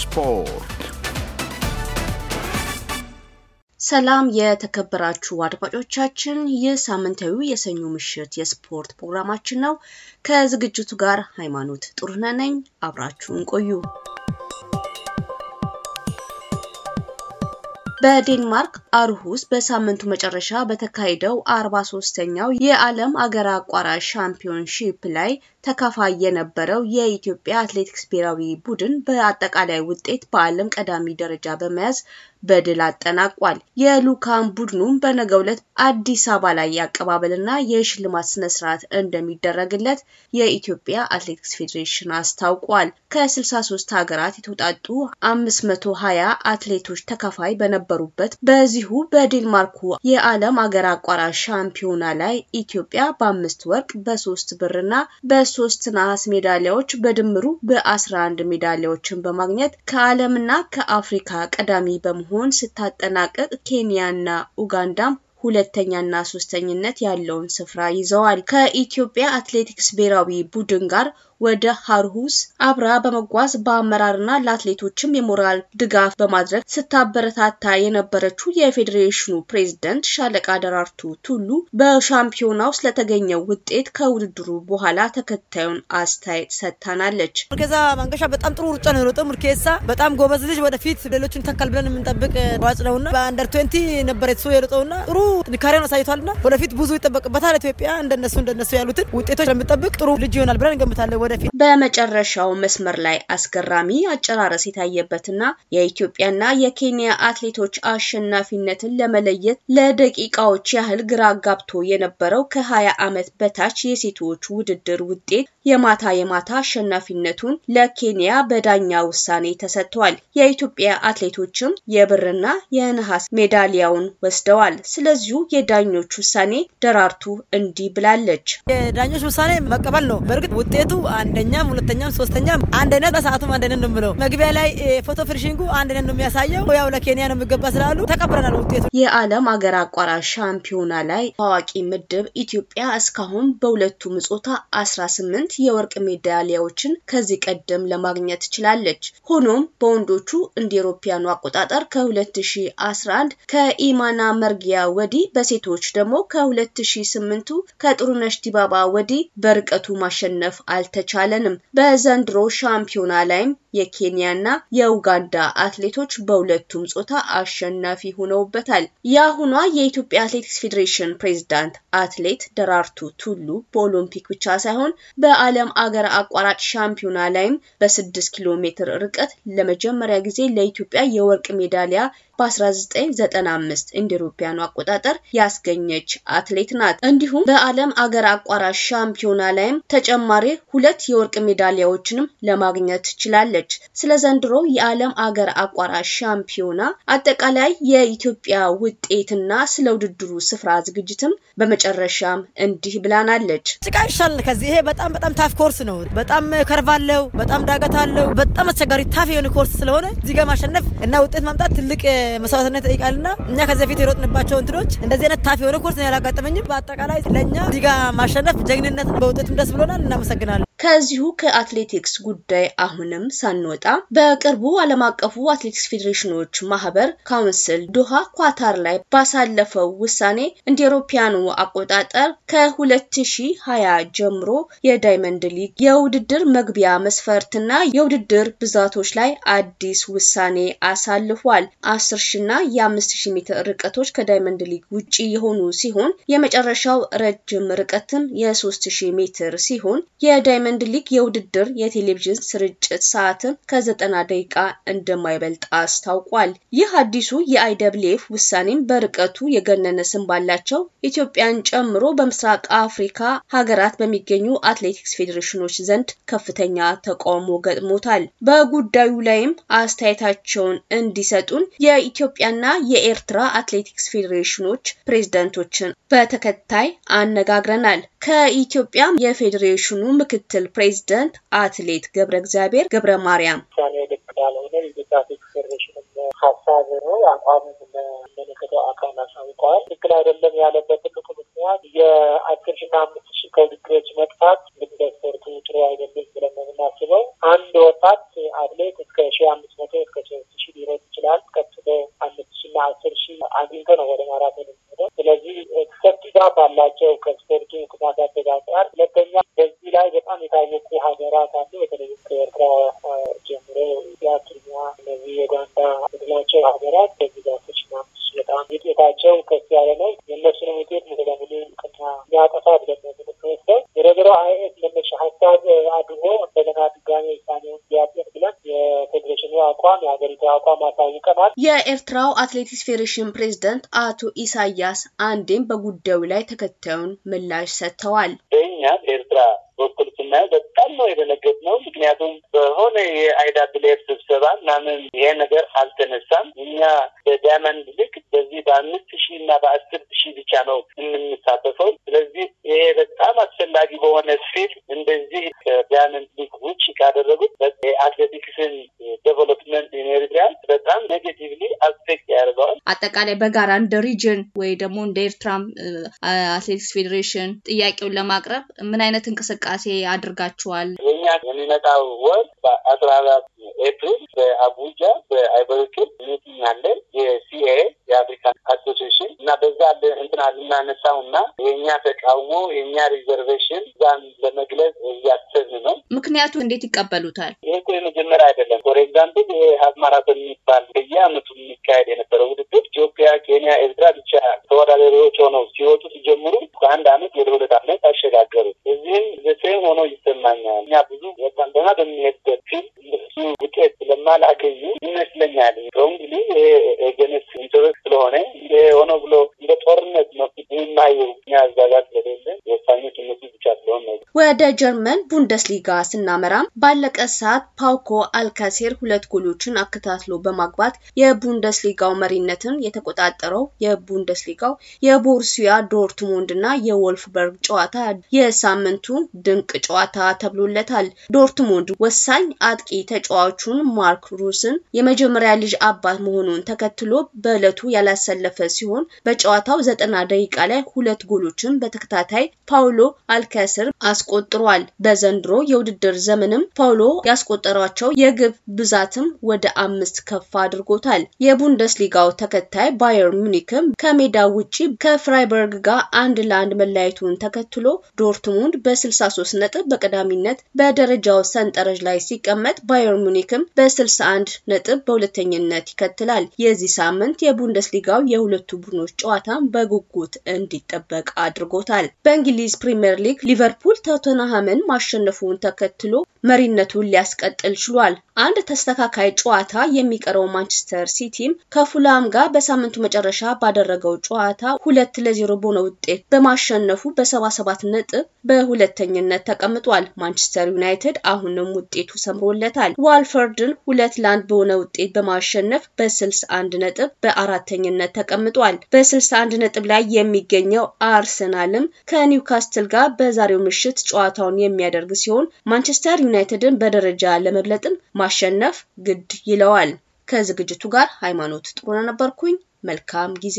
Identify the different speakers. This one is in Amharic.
Speaker 1: ስፖርት። ሰላም የተከበራችሁ አድማጮቻችን፣ ይህ ሳምንታዊ የሰኞ ምሽት የስፖርት ፕሮግራማችን ነው። ከዝግጅቱ ጋር ሃይማኖት ጥሩነህ ነኝ። አብራችሁን ቆዩ። በዴንማርክ አርሁስ በሳምንቱ መጨረሻ በተካሄደው አርባ ሶስተኛው የዓለም አገር አቋራጭ ሻምፒዮንሺፕ ላይ ተካፋይ የነበረው የኢትዮጵያ አትሌቲክስ ብሔራዊ ቡድን በአጠቃላይ ውጤት በዓለም ቀዳሚ ደረጃ በመያዝ በድል አጠናቋል። የልዑካን ቡድኑም በነገው ዕለት አዲስ አበባ ላይ የአቀባበልና የሽልማት ስነ ስርዓት እንደሚደረግለት የኢትዮጵያ አትሌቲክስ ፌዴሬሽን አስታውቋል። ከ63 ሀገራት የተውጣጡ 520 አትሌቶች ተካፋይ በነበሩበት በዚሁ በዴንማርኩ የዓለም አገር አቋራጭ ሻምፒዮና ላይ ኢትዮጵያ በአምስት ወርቅ፣ በሶስት ብርና በ ሶስት ነሐስ ሜዳሊያዎች በድምሩ በ11 ሜዳሊያዎችን በማግኘት ከዓለምና ከአፍሪካ ቀዳሚ በመሆን ስታጠናቀቅ ኬንያና ኡጋንዳም ሁለተኛና ሶስተኝነት ያለውን ስፍራ ይዘዋል። ከኢትዮጵያ አትሌቲክስ ብሔራዊ ቡድን ጋር ወደ ሃርሁስ አብራ በመጓዝ በአመራርና ለአትሌቶችም የሞራል ድጋፍ በማድረግ ስታበረታታ የነበረችው የፌዴሬሽኑ ፕሬዝደንት ሻለቃ ደራርቱ ቱሉ በሻምፒዮናው ስለተገኘው ውጤት ከውድድሩ በኋላ ተከታዩን አስተያየት ሰጥታናለች። ከዛ ማንገሻ በጣም ጥሩ ሩጫ ነው የሮጠው። ሙርኬሳ በጣም ጎበዝ ልጅ፣ ወደፊት ሌሎችን ተካል ብለን የምንጠብቅ ዋጭ ነውና በአንደር ትዌንቲ ነበረ የተሱ የሮጠውና ጥሩ ጥንካሬውን አሳይቷልና ወደፊት ብዙ ይጠበቅበታል። ኢትዮጵያ እንደነሱ እንደነሱ ያሉትን ውጤቶች ለምጠብቅ ጥሩ ልጅ ይሆናል ብለን እንገምታለን። ወደፊት በመጨረሻው መስመር ላይ አስገራሚ አጨራረስ የታየበትና የኢትዮጵያና የኬንያ አትሌቶች አሸናፊነትን ለመለየት ለደቂቃዎች ያህል ግራ ጋብቶ የነበረው ከ20 ዓመት በታች የሴቶች ውድድር ውጤት የማታ የማታ አሸናፊነቱን ለኬንያ በዳኛ ውሳኔ ተሰጥቷል። የኢትዮጵያ አትሌቶችም የብርና የነሐስ ሜዳሊያውን ወስደዋል። ስለዚሁ የዳኞች ውሳኔ ደራርቱ እንዲህ ብላለች። የዳኞች ውሳኔ መቀበል ነው። በእርግጥ ውጤቱ አንደኛም ሁለተኛም ሶስተኛም አንድ አይነት በሰዓቱም ነው የምለው። መግቢያ ላይ ፎቶ ፍሪሽንጉ አንድ ነው የሚያሳየው። ያው ለኬንያ ነው የሚገባ ስላሉ ተቀብረናል ውጤቱ። የዓለም አገር አቋራጭ ሻምፒዮና ላይ ታዋቂ ምድብ ኢትዮጵያ እስካሁን በሁለቱም ጾታ አስራ ስምንት የወርቅ ሜዳሊያዎችን ከዚህ ቀደም ለማግኘት ችላለች። ሆኖም በወንዶቹ እንደ ኤሮፓያኑ አቆጣጠር ከ2011 ከኢማና መርጊያ ወዲህ በሴቶች ደግሞ ከ2008ቱ ከጥሩነሽ ዲባባ ወዲህ በርቀቱ ማሸነፍ አልተቻለም። አልቻለንም። በዘንድሮ ሻምፒዮና ላይም የኬንያና የኡጋንዳ አትሌቶች በሁለቱም ጾታ አሸናፊ ሆነውበታል። የአሁኗ የኢትዮጵያ አትሌቲክስ ፌዴሬሽን ፕሬዝዳንት አትሌት ደራርቱ ቱሉ በኦሎምፒክ ብቻ ሳይሆን በዓለም አገር አቋራጭ ሻምፒዮና ላይም በስድስት ኪሎ ሜትር ርቀት ለመጀመሪያ ጊዜ ለኢትዮጵያ የወርቅ ሜዳሊያ በ1995 እንደ አውሮፓውያኑ አቆጣጠር ያስገኘች አትሌት ናት። እንዲሁም በዓለም አገር አቋራጭ ሻምፒዮና ላይም ተጨማሪ ሁለት የወርቅ ሜዳሊያዎችንም ለማግኘት ችላለች። ስለ ዘንድሮ የዓለም አገር አቋራጭ ሻምፒዮና አጠቃላይ የኢትዮጵያ ውጤትና ስለ ውድድሩ ስፍራ ዝግጅትም በመጨረሻም እንዲህ ብላናለች። ጭቃ ይሻል ከዚህ ይሄ በጣም በጣም ታፍ ኮርስ ነው። በጣም ከርቫለው፣ በጣም ዳገት አለው። በጣም አስቸጋሪ ታፍ የሆነ ኮርስ ስለሆነ እዚህ ጋር ማሸነፍ እና ውጤት ማምጣት ትልቅ መስዋዕትነት ይጠይቃልና እኛ ከዚህ በፊት የሮጥንባቸው እንትኖች እንደዚህ አይነት ታፊ የሆነ ኮርስ ያላጋጠመኝም። በአጠቃላይ ለእኛ እዚህ ጋ ማሸነፍ ጀግንነት በውጠትም ደስ ብሎናል። እናመሰግናለን። ከዚሁ ከአትሌቲክስ ጉዳይ አሁንም ሳንወጣ በቅርቡ ዓለም አቀፉ አትሌቲክስ ፌዴሬሽኖች ማህበር ካውንስል ዶሃ ኳታር ላይ ባሳለፈው ውሳኔ እንደ ኤሮፓያኑ አቆጣጠር ከ2020 ጀምሮ የዳይመንድ ሊግ የውድድር መግቢያ መስፈርትና የውድድር ብዛቶች ላይ አዲስ ውሳኔ አሳልፏል። 10 ሺና የ 5000 ሜትር ርቀቶች ከዳይመንድ ሊግ ውጪ የሆኑ ሲሆን የመጨረሻው ረጅም ርቀትም የ3000 ሜትር ሲሆን የዳይመንድ ዳይመንድ ሊግ የውድድር የቴሌቪዥን ስርጭት ሰዓትን ከዘጠና ደቂቃ እንደማይበልጥ አስታውቋል። ይህ አዲሱ የአይደብሌፍ ውሳኔም በርቀቱ የገነነ ስም ባላቸው ኢትዮጵያን ጨምሮ በምስራቅ አፍሪካ ሀገራት በሚገኙ አትሌቲክስ ፌዴሬሽኖች ዘንድ ከፍተኛ ተቃውሞ ገጥሞታል። በጉዳዩ ላይም አስተያየታቸውን እንዲሰጡን የኢትዮጵያና የኤርትራ አትሌቲክስ ፌዴሬሽኖች ፕሬዝዳንቶችን በተከታይ አነጋግረናል። ከኢትዮጵያ የፌዴሬሽኑ ምክትል ፕሬዚደንት አትሌት ገብረ እግዚአብሔር ገብረ ማርያም
Speaker 2: ሀሳብ ነው። አቋም ለመለከተው አካል አሳውቀዋል። ትክክል አይደለም ያለበት ትልቁ ምክንያት የአስር ሺና አምስት ሺ ከውድድሮች መጥፋት ልክ ለስፖርቱ ጥሩ አይደለም ብለን ነው የምናስበው። አንድ ወጣት አትሌት እስከ ሺ አምስት ማራቶን የነበረ ስለዚህ ሰፊ ዛፍ አላቸው ከስፖርቱ ከማሳደግ አንጻር። ሁለተኛ በዚህ ላይ በጣም የታወቁ ሀገራት አሉ። በተለይ ከኤርትራ ጀምሮ ያ የአትሪኛ እነዚህ የጓንዳ ምድላቸው ሀገራት በዚህ ዛፎች በጣም ውጤታቸው ከፍ ያለ ነው። የእነሱንም ውጤት ሙሉ ለሙሉ ቅና ያጠፋ ተናግረዋል።
Speaker 1: የኤርትራው አትሌቲክስ ፌዴሬሽን ፕሬዚደንት አቶ ኢሳያስ አንዴም በጉዳዩ ላይ ተከታዩን ምላሽ ሰጥተዋል። በኛ
Speaker 2: ኤርትራ በኩል ስናየው በጣም ነው ነው። ምክንያቱም በሆነ የአይዳ ብሌር ስብሰባ ምናምን ይሄ ነገር አልተነሳም። እኛ በዳይመንድ ልክ በዚህ በአምስት ሺ እና በአስር ሺህ ብቻ ነው የምንሳተፈው። ስለዚህ ይሄ በጣም አስፈላጊ በሆነ ስፊት እንደዚህ ከዳይመንድ ሊግ ውጭ ካደረጉት አትሌቲክስን ዴቨሎፕ
Speaker 1: አጠቃላይ በጋራ እንደ ሪጅን ወይ ደግሞ እንደ ኤርትራ አትሌቲክስ ፌዴሬሽን ጥያቄውን ለማቅረብ ምን አይነት እንቅስቃሴ አድርጋችኋል?
Speaker 2: የኛ የሚመጣው ወር በአስራ አራት ኤፕሪል በአቡጃ በአይበሪክል ሚቲንግ አለ የሲኤ የአፍሪካ አሶሲሽን እና በዛ እንትና ልናነሳው እና የእኛ ተቃውሞ የእኛ ሪዘርቬሽን እዛን ለመግለጽ እያሰብን ነው።
Speaker 1: ምክንያቱ እንዴት ይቀበሉታል?
Speaker 2: ይህ እኮ የመጀመሪያ አይደለም። ፎር ኤግዛምፕል ሀፍ ማራቶን የሚባል በየአመቱ የሚካሄድ የነበረው ኢትዮጵያ፣ ኬንያ፣ ኤርትራ ብቻ ተወዳዳሪዎች ሆነው ሲወጡ ሲጀምሩ ከአንድ አመት ወደ ሁለት አመት አሸጋገሩ። እዚህም ዘሴም ሆኖ ይሰማኛል። እኛ ብዙ ወጣንበና በሚሄድበት ፊል እሱ ውጤት ለማላገኙ ይመስለኛል። እንግዲህ ይሄ ኤጀንስ ኢንተረስ ስለሆነ ሆኖ ብሎ እንደ ጦርነት ነው የማየው እኛ እዛ ጋር ስለሌለ ወሳኞች እነሱ ብቻ ስለሆነ
Speaker 1: ወደ ጀርመን ቡንደስሊጋ ስናመራም ባለቀ ሰዓት ፓውኮ አልካሴር ሁለት ጎሎችን አከታትሎ በማግባት የቡንደስሊጋው መሪነትን የተቆጣጠረው የቡንደስሊጋው የቦርሲያ ዶርትሙንድ እና የወልፍበርግ ጨዋታ የሳምንቱ ድንቅ ጨዋታ ተብሎለታል። ዶርትሙንድ ወሳኝ አጥቂ ተጫዋቹን ማርክ ሩስን የመጀመሪያ ልጅ አባት መሆኑን ተከትሎ በዕለቱ ያላሰለፈ ሲሆን በጨዋታው ዘጠና ደቂቃ ላይ ሁለት ጎሎችን በተከታታይ ፓውሎ አልካሴር አስቆጥሯል። በዘንድሮ የውድድር ዘመንም ፓውሎ ያስቆጠሯቸው የግብ ብዛትም ወደ አምስት ከፍ አድርጎታል። የቡንደስሊጋው ተከታይ ባየር ሙኒክም ከሜዳ ውጪ ከፍራይበርግ ጋር አንድ ለአንድ መለያየቱን ተከትሎ ዶርትሙንድ በ63 ነጥብ በቀዳሚነት በደረጃው ሰንጠረዥ ላይ ሲቀመጥ ባየር ሙኒክም በ61 ነጥብ በሁለተኝነት ይከትላል። የዚህ ሳምንት የቡንደስሊጋው የሁለቱ ቡድኖች ጨዋታም በጉጉት እንዲጠበቅ አድርጎታል። በእንግሊዝ ፕሪምየር ሊግ ሊቨርፑል ቶተንሃምን ማሸነፉን ተከትሎ መሪ መሪነቱን ሊያስቀጥል ችሏል። አንድ ተስተካካይ ጨዋታ የሚቀረው ማንቸስተር ሲቲም ከፉላም ጋር በሳምንቱ መጨረሻ ባደረገው ጨዋታ ሁለት ለዜሮ በሆነ ውጤት በማሸነፉ በ77 ነጥብ በሁለተኝነት ተቀምጧል። ማንቸስተር ዩናይትድ አሁንም ውጤቱ ሰምሮለታል። ዋልፈርድን ሁለት ለአንድ በሆነ ውጤት በማሸነፍ በ61 ነጥብ በአራተኝነት ተቀምጧል። በ61 ነጥብ ላይ የሚገኘው አርሰናልም ከኒውካስትል ጋር በዛሬው ምሽት ጨዋታውን የሚያደርግ ሲሆን ማንቸስተር ዩናይትድ ዩናይትድን በደረጃ ለመብለጥም ማሸነፍ ግድ ይለዋል። ከዝግጅቱ ጋር ሃይማኖት ጥሩነህ ነበርኩኝ። መልካም ጊዜ